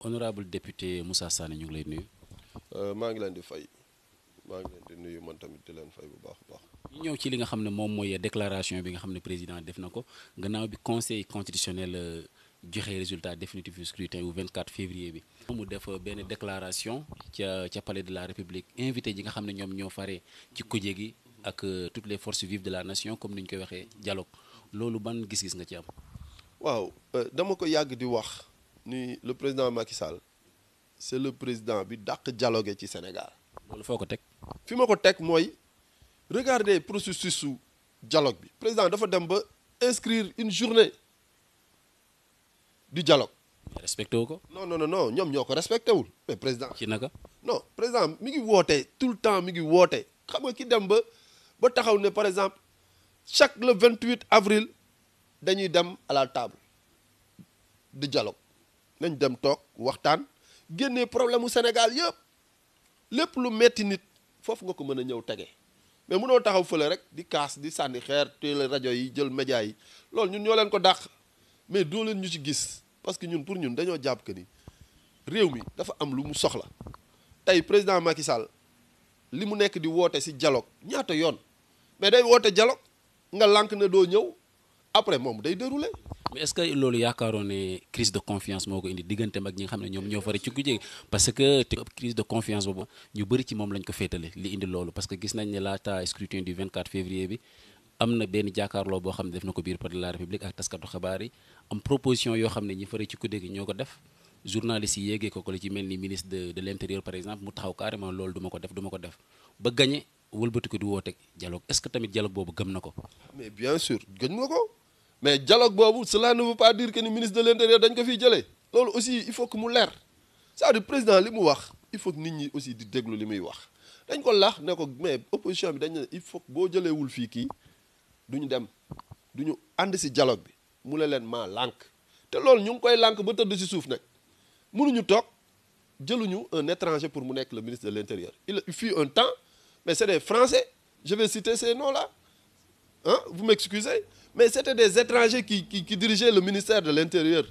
honorable député Moussa Sané ñu ngi lay nuyu. Euh, maa ngi leen ngi leen di nuyu man tamit di leen fay bu baax a baax. ñu ñëw ci li nga xam ne moom mooy déclaration bi nga xam ne président def na ko gannaaw bi conseil constitutionnel euh, joxe résultat définitif du scrutin wu 24 février bi. mu def euh, benn déclaration ca ca palais de la république invité ji nga xam ne ñoom ñoo fare ci kuje gi ak toutes les force vives de la nation comme ni ñu koy waxee dialogue loolu ban gis-gis nga ci am. waaw dama ko yàgg ni le président Macky Sall c'est le président bi dàq dialogué ci Sénégal. loolu foo ko teg. fi ma ko teg mooy regarder processus su dialogue bi président dafa dem ba inscrire une journée du dialogue. respecté wu ko. non non non ñoom ñoo ko respecté wul mais président. ci naka. non président mi ngi woote tout le temps mi ngi woote xam nga ki dem ba ba taxaw ne par exemple chaque le 28 avril dañuy dem à la table du dialogue. nañ dem toog waxtaan génne problème mu Sénégal yëpp lépp lu metti nit foofu nga ko mën a ñëw tege mais mënoo taxaw fële rek di kaas di sànni xeer télé rajo yi jël média yi loolu ñun ñoo leen ko dàq mais doo leen ñu ci gis parce que ñun pour ñun dañoo jàpp que ni réew mi dafa am lu mu soxla tey président Macky Sall li mu nekk di woote si dialogue ñaata yoon mais day woote dialogue nga lànk na doo ñëw après moom day dérouler. mais est-ce que loolu yaakaaroon ne crise de confiance moo ko indi digganteem ak ñi nga xam ne ñoom ñoo fari ci kujje parce que te de confiance boobu ñu bëri ci moom lañ ko féetale li indi loolu parce que gis nañ ne laata scrutin du 24 février bi am na benn jàkkaarloo boo xam ne def na ko biir par exemple mu taxaw carrément loolu duma ko def duma ko def ba gagné wëlbati ko di woote dialogue est-ce tamit dialogue boobu gëm na mais dialogue boobu cela ne veut pas dire que ni ministre de l'intérieur dañ ko fiy jëlee loolu aussi il faut que mu leer cest à président li mu wax il faut que nit ñi aussi di déglu li muy wax dañ ko laax ne ko mais opposition bi dañ il faut boo jëleewul fii kii du ñu dem du ñu ànd si jaloog bi mu ne leen maa lànk te loolu ñu ngi koy lànk ba tëdd si suuf nag mënuñu toog jëluñu un étranger pour mu nekk le ministre de l'intérieur il fut un temps mais c'est des français je vais citer ces noms là ah vous m'excusez Mais c'était des étrangers qui, qui, qui, dirigeaient le ministère de l'Intérieur.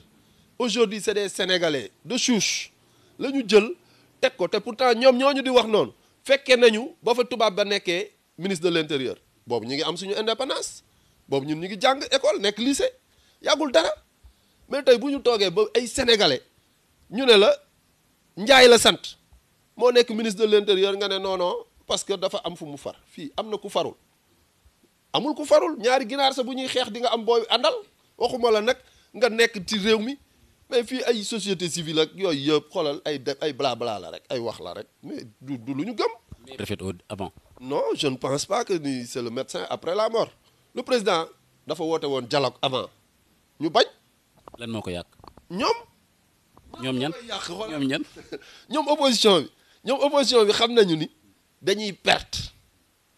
Aujourd'hui, c'est des Sénégalais de chouche. La ñu jël teg ko te pourtant ñoom ñoo ñu di wax noonu fekkee nañu ba fa tubaab ba nekkee ministre de l'Intérieur boobu ñu ngi am suñu indépendance boobu ñun ñu ngi jàng école nekk lycée yàggul dara mais tey bu ñu toogee ba ay sénégalais ñu ne la Njaay la sant moo nekk ministre de l'Intérieur nga ne non non parce que dafa am fu mu far fii am na ku farul. amul ku farul ñaari ginaar sa bu ñuy xeex di nga am booy àndal waxuma la nag nga nekk ci réew mi mais fii ay société civile ak yooyu yëpp xoolal ay def ay bla bla la rek ay wax la rek mais du lu ñu gëm. préfet avant. Ah non je ne pense pas que ni c'est le médecin après la mort le président dafa woote woon dialogue avant ñu bañ. lan moo ko yàq. ñoom. ñoom ñan ñoom ñan ñoom opposition bi ñoom opposition bi xam nañu ni dañuy perte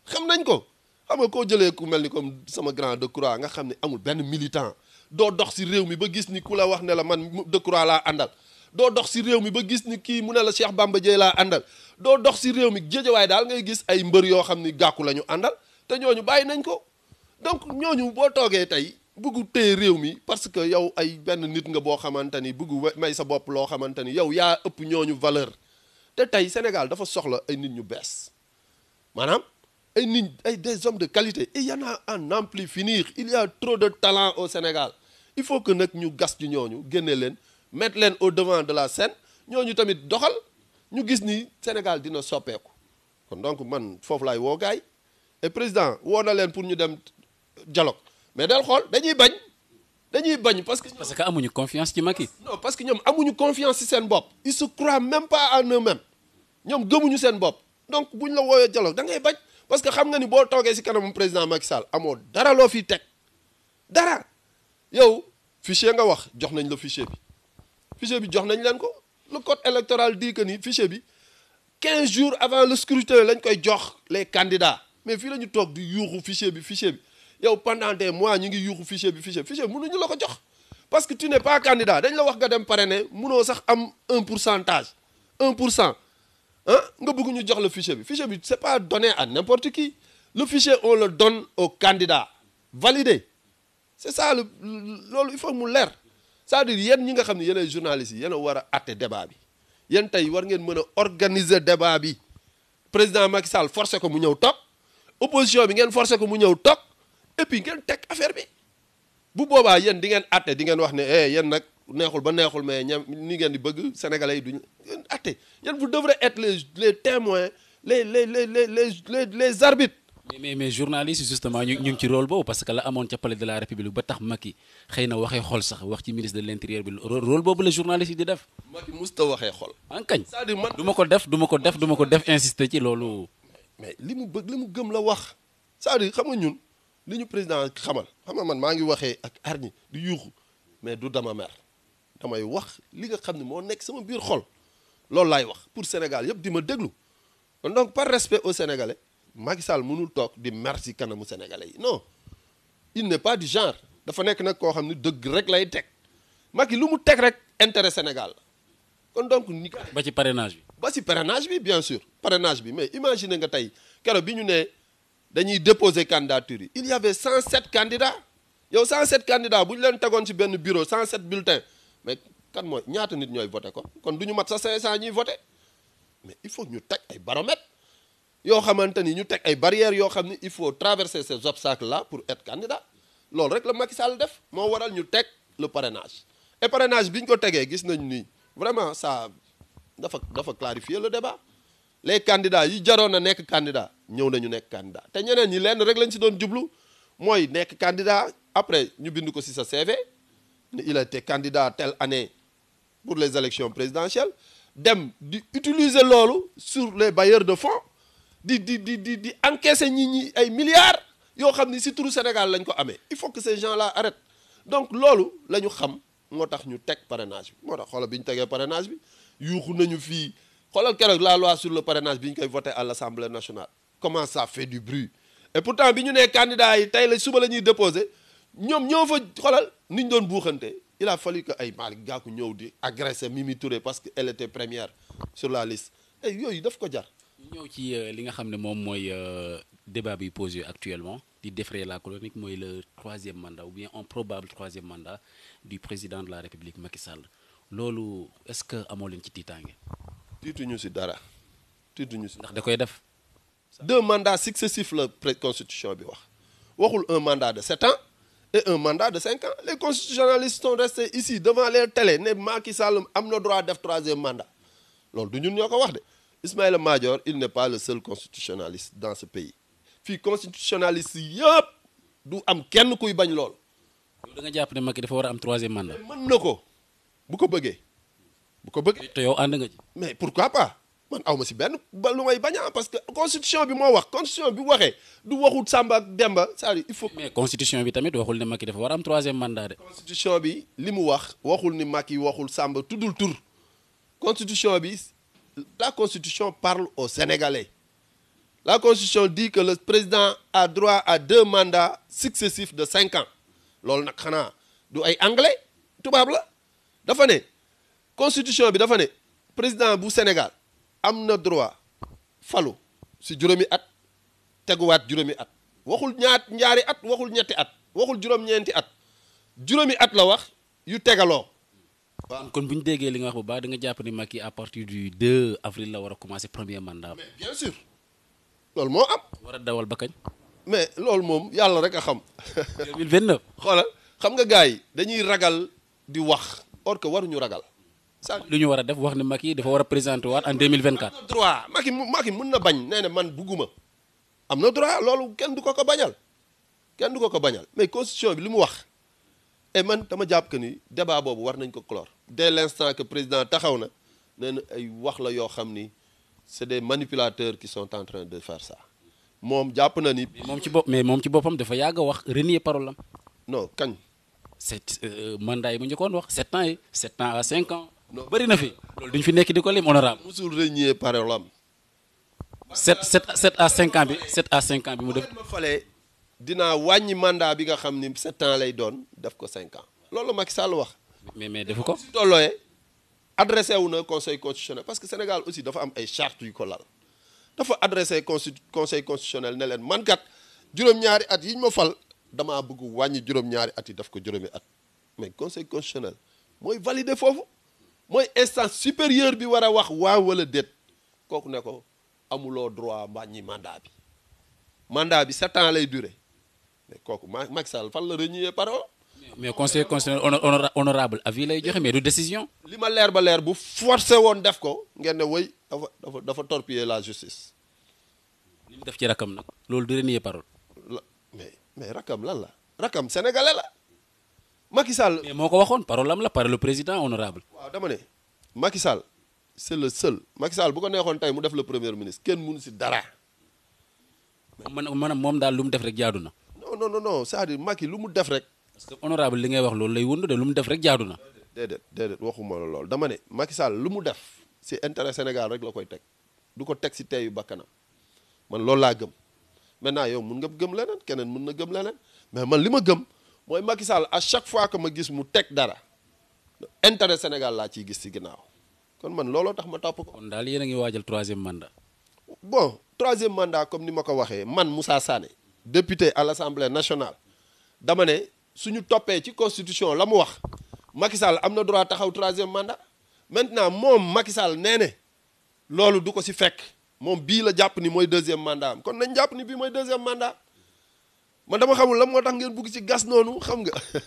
xam nañ ko. xam nga koo jëlee ku mel ni comme sama grand Decroix nga xam ni amul benn militant doo dox si réew mi ba gis ni ku la wax ne la man Decroix laa àndal doo dox si réew mi ba gis ni kii mu ne la Cheikh Bamba Dièye laa àndal doo dox si réew mi géejawaay daal ngay gis ay mbër yoo xam ni gàkku la ñu àndal te ñooñu bàyyi nañ ko donc ñooñu boo toogee tey bëggu téye réew mi parce que yow ay benn nit nga boo xamante ni bëggu may sa bopp loo xamante ni yow yaa ëpp ñu valeur te tey Sénégal dafa soxla ay nit ñu bees maanaam ay nit ay des hommes de qualité il y en a en ampli finir il y a trop de talent au Sénégal il faut que nag ñu gas ci ñooñu génne leen mettre leen au devant de la scène ñooñu tamit doxal ñu gis ni Sénégal dina soppeeku kon donc man foofu laay woo gaay et président woo na leen pour ñu dem dialogue mais del xool dañuy bañ dañuy bañ parce que. parce que amuñu confiance ci yi non parce que ñoom amuñu confiance ci seen bopp. ils se croient même pas en eux-mêmes ñoom gëmuñu seen bopp donc buñ la woowee dialogue da ngay bañ. parce que xam nga ni boo toogee si kanamu président Macky amoo dara loo fiy teg dara yow fichier nga wax jox nañ la fichier bi fichier bi jox nañ leen ko le code électoral dit que ni fichier bi 15 jours avant le scrutin lañ koy jox les candidats mais fii la ñu toog di yuuxu fichier bi fichier bi yow pendant des mois ñu ngi yuuxu fichier bi fichier bi fichier bi la ko jox parce que tu n'es pas candidat dañ la wax nga dem parrainer mënoo sax am un pour centage un pour cent ah nga bëgg ñu jox la fichier bi fichier bi c'est pas donné à n'importe qui le fichier on le donne au candidat validé c'est ça le loolu il faut mu leer c'est-à-dire yéen ñi nga xam ne yéen ay journalistes yi yéen war a àtte débat bi yéen tey war ngeen mën a organiser débat bi président Macky Sall forcé ko mu ñëw toog opposition bi ngeen forcé ko mu ñëw toog et puis ngeen teg affaire bi bu boobaa yéen di ngeen àtte di ngeen wax ne eh yéen nag. neexul ba neexul mais ñam ni ngeen di bëgg sénégalais yi duñu atte ñan vous devrez être les les témoins les les les les les les arbitres. mais mais mais journaliste justement ñu ñu ngi ci role boobu parce que la amoon ca palais de la république ba tax Macky xëy na waxee xol sax wax ci ministre de l' bi rôle boobu la journaliste yi di def. Macky musta waxee xol. en kañ c'est-à-dire man du ma ko def duma ko def du ma ko def insister ci loolu. mais li mu bëgg li mu gëm la wax c'est-à-dire xam nga ñun li ñu président xamal xam nga man maa ngi waxee ak arñi yuuxu mais du dama damay wax li nga xam ne moo nekk sama biir xol loolu laay wax pour Sénégal yëpp di ma déglu kon donc par respect au Sénégalais Macky Sall mënul toog di mer ci kanamu Sénégalais yi non il n'est pas du genre dafa nekk nag koo xam ne dëgg rek lay teg Macky lu mu teg rek intérêt Sénégal kon donc ni ba ci parrainage bi ba ci parrainage bi bien sûr parrainage bi mais imagine nga tey keroog bi ñu ne dañuy déposer candidature yi il y avait 107 candidats yow 107 candidats bu ñu leen ci benn bureau 107 bulletins mais kan mooy ñaata nit ñooy voté kon kon du ñu mat sa 500 ñuy voté mais il faut ñu teg ay baromètres yoo xamante ni ñu teg ay barrières yoo xam ni il faut traverser ces obstacles la pour être candidat loolu rek la Macky Sall def moo waral ñu teg le parrainage et parrainage bi ñu ko tegee gis nañ ni vraiment ça dafa dafa clarifier le débat les candidats yi jaroon na nekk candidat ñëw nañu nekk candidat te ñeneen yi lenn rek lañ si doon jublu mooy nekk candidat après ñu bind ko si sa il a été candidat telle année pour les élections présidentielles dem di utiliser loolu sur les bailleurs de fonds di di di di di encaisser ñi ñi ay milliards yoo xam ni si turu Sénégal lañ ko amee il faut que ces gens là arrêtent donc loolu la ñu xam moo tax ñu teg parrainage bi moo tax xoolal bi ñu tegee parrainage bi yuuxu nañu fii xoolal keroog la loi sur le parrainage bi ñu koy voté à l'Assemblée nationale comment ça fait du bruit et pourtant bi ñu nee candidat yi tey la suba la ñuy déposé ñoom ñoo fa xolal ni ñu doon buuxante il a fallu que ay Malick Gakou ñëw di agressé Mimi Touré parce que elle était première sur la liste yooyu daf ko jar. ñëw ci euh, li nga xam ne moom mooy euh, débat bi posé actuellement di défrayer la chronique mooy le troisième mandat ou bien un probable troisième mandat du président de la République Macky Sall loolu est-ce que amoo leen ci tiitaange. tiituñu si dara. tiituñu si ndax da koy def. deux mandats successifs la constitution bi wax waxul un et un mandat de cinq ans les constitutionnalistes sont restés ici devant les télé ne Macky Sall am na droit def troisième mandat loolu du ñun ñoo ko wax de Ismaïla Madior il n'est pas le seul constitutionnaliste dans ce pays fii constitutionnaliste yëpp du am kenn kuy bañ lool. yow da nga jàpp ne Macky dafa war am troisième mandat. man na ko bu ko bëggee bu ko bëggee. te ànd nga ci. mais pourquoi pas. man aw si benn ba lu may bañaa parce que constitution bi moo wax constitution bi waxee du waxul Samba Demba c'est-à-dire il faut. mais constitution bi tamit waxul ne Macky dafa war am troisième mandat de. constitution bi li mu wax waxul ni Macky waxul sàmba tuddul tur constitution bi la constitution parle aux Sénégalais la constitution dit que le président a droit à deux mandats successifs de cinq ans loolu nag xanaa du ay anglais tubaab la dafa ne constitution bi dafa ne président bu Sénégal. am na droit falu si juróomi at teguwaat juróomi at waxul ñaar ñaari at waxul ñetti at waxul juróom-ñeenti at juróomi at la wax yu tegaloo. waaw kon bu ñu déggee li nga wax bu baax da nga jàpp ni Macky à partir du 2 avril la war a commencer premier mandat. mais bien sûr loolu moo am. war a dawal ba kañ. mais loolu moom yàlla rek a xam. 2029 xoolal xam nga gars yi dañuy ragal di wax or que waruñu ragal. lu ñu war a def wax ne yi dafa war a présenté waat en 2024. am na droit Macky Macky mën na bañ nee na man bugguma am na droit loolu kenn du ko ko bañal kenn du ko ko bañal mais constitution bi li mu wax et man tama jàpp que ni débat boobu war nañ ko clore dès l'instant que président taxaw na nee ay wax la yoo xam ni c'est des manipulateurs qui sont en train de far sax moom jàpp na ni. moom ci bopp mais moom ci boppam dafa yàgg a wax renier parole am. non kañ. sept euh, mandat yi mu njëkkoon wax sept ans yi sept ans à non bëri na fi loolu duñ fi nekk di ko lim honorable musul rëññee parolam sept sept sept à cinq ans bi sept à cinq ans bi mu def ma falee dina wàññi mandat bi nga xam ni sept ans lay doon def ko cinq ans loolu Macky Sall wax mais mais defu ko si tollooyee wu na conseil constitutionnel parce que Sénégal aussi dafa am ay charte yu ko lal dafa adressé conseil constitutionnel ne leen man kat juróom-ñaari at yi ñu ma fal damaa bëgg wàññi juróom-ñaari at yi daf ko juróomi at mais conseil constitutionnel mooy valider foofu mooy instance supérieur bi war a wax waaw wala déet kooku ne ko amuloo droit wàññi mandat bi mandat bi sept ans lay durer mais kooku Macky Sall fan la renier parole mais conseil constitutionnel honorable avis lay joxe mais du décision li ma leer ba leer bu forcé woon def ko ngeen ne woy dafa dafa dafa torpiller la justice li mu def ci rakam nag loolu du renier parole mais mais rakam lan la rakam sénégalais la Macky Sall. moo ko waxoon parole am la par le président honorable waaw dama ne Sall c'est le seul Macky Sall bu ko neexoon tey mu def le premier ministre kenn mënu si dara. man maanaam moom daal lu mu def rek jaadu na. non non non non cest lu mu def rek. parce que honorable li ngay wax loolu lay wund de lu mu def rek jaadu na. déedéet déedéet loolu dama ne Sall lu mu def si intérêt Sénégal rek la koy teg du ko teg si teeyu bakkanam man loolu laa gëm maintenant yow mun nga gëm leneen keneen mun na gëm leneen mais man li ma gëm. mooy Macky Sall à chaque fois que ma gis mu teg dara intérêt Sénégal laa ciy gis ci ginnaaw kon man looloo tax ma topp ko. kon daal yéen a ngi waajal troisième mandat. bon troisième mandat comme ni ma ko waxee man Moussa Sané député à l' nationale dama ne suñu toppee ci constitution la mu wax Macky Sall am na droit taxaw troisième mandat maintenant moom Macky Sall nee ne loolu du ko si fekk moom bii la jàpp ni mooy deuxième mandat am kon nañ jàpp ni bii mooy deuxième mandat. man dama xamul la moo tax ngeen bugg ci gas noonu xam nga.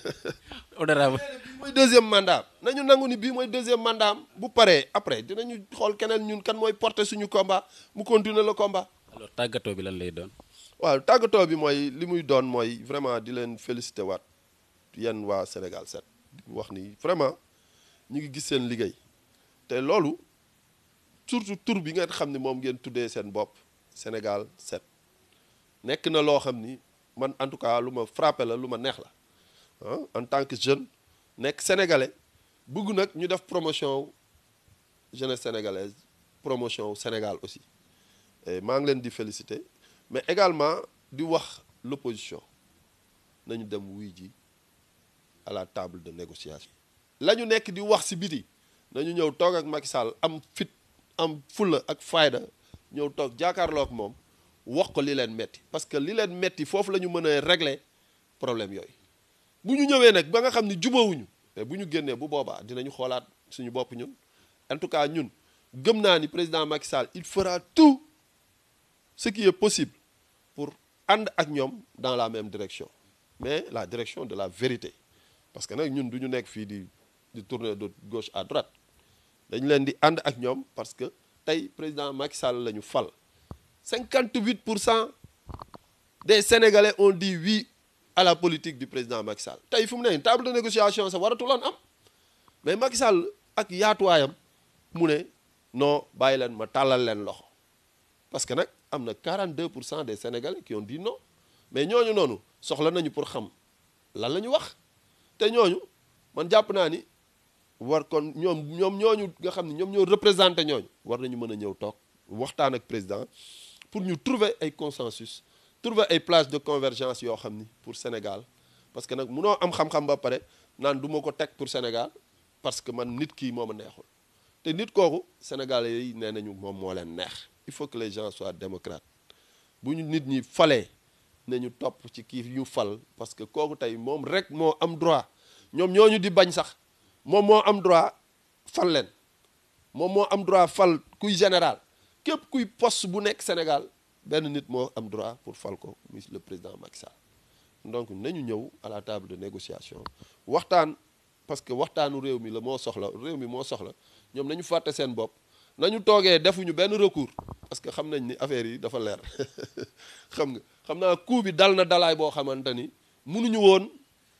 honorable mooy deuxième mandat nañu nangu ni bii mooy deuxième mandat bu pare après dinañu xool keneen ñun kan mooy porter suñu komba mu continuer la komba alors tàggatoo bi lan lay doon. waaw tàggatoo bi mooy li muy doon mooy vraiment di leen félicité waat yéen waa Sénégal 7 wax ni vraiment ñu ngi gis seen liggéey te loolu surtout tur bi ngeen xam ni moom ngeen tuddee seen bopp Sénégal set nekk na loo xam ni. man en tout cas lu ma frappé la lu ma neex la ah en tant que jeune nekk sénégalais bëgg nag ñu def promotion jeunesse sénégalaise promotion Sénégal aussi maa ngi leen di féliciter mais également di wax l'opposition nañu dem wuy ji à la table de négociation. la ñu nekk di wax ci biti nañu ñëw toog ak Macky Sall am fit am fulla ak fayda ñëw toog jàkkaarloo ak moom. wax ko li leen metti parce que li leen metti foofu la ñu mën a régler problème yooyu bu ñu ñëwee nag ba nga xam ni jubawuñu mais bu ñu génnee bu boobaa dinañu xoolaat suñu boppu ñun en tout cas ñun gëm naa ni président Macky Sall il fera tout ce qui est possible pour ànd ak ñoom dans la même direction mais la direction de la vérité parce que nag ñun du ñu nekk fii di di tourner de gauche à droite dañ leen di ànd ak ñoom parce que tey président Macky Sall la ñu fal cinquante 58 pour cent des sénégalais ont dit huit à la politique du président Macky Sall tey fu mu ne table de négociation sax waratuloon am mais Macky Sall ak yaatuwaayam mu ne non bàyyi leen ma tàllal leen loxo parce que nag am na quarante deux pour cent des sénégalais qui ont dit no mais ñooñu noonu soxla nañu pour xam lan la ñu wax te ñooñu man jàpp naa ni war kon ñoom ñoom ñooñu nga xam ne ñoom ñoo représenté ñooñu war nañu mën a ñëw toog waxtaan ak président pour ñu trouver ay consensus trouver ay place de convergence yoo xam ni pour Sénégal parce que nag mu noo am xam-xam ba pare naan duma ko teg pour Sénégal parce que man nit kii moom ma neexul te nit kooku Sénégalais yi nee nañu moom moo leen neex il faut que les gens soient démocrates bu ñu nit ñi falee nañu topp ci kii yu fal parce que kooku tey moom rek moo am droit ñoom ñooñu di bañ sax moom moo am droit fal leen moom moo am droit fal kuy général képp kuy post bu nekk Sénégal benn nit moo am droit pour fal ko muy le président Macky Sall donc nañu ñëw à la table de négociation waxtaan parce que waxtaanu réew mi la moo soxla réew mi moo soxla ñoom nañu fàtte seen bopp nañu toogee defuñu benn recours parce que xam nañ ni affaire yi dafa leer xam nga xam naa coup bi dal na dalaay boo xamante ni mënuñu woon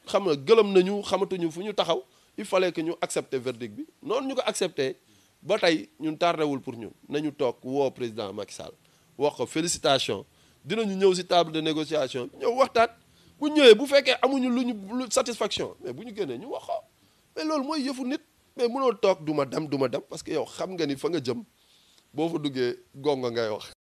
xam nga gëlëm nañu xamatuñu fu ñu taxaw il fallait que ñu accepter verdict bi noonu ñu ko accepter ba tey ñun tardewul pour ñun nañu toog woo président Macky Sall wax ko félicitation dinañu ñëw si table de négociation ñëw waxtaan bu ñëwee bu fekkee amuñu lu ñu lu satisfaction mais bu ñu génnee ñu wax ko mais loolu mooy yëfu nit mais mënoo toog du ma dem du ma dem parce que yow xam nga ni fa nga jëm boo fa duggee gongo ngay wax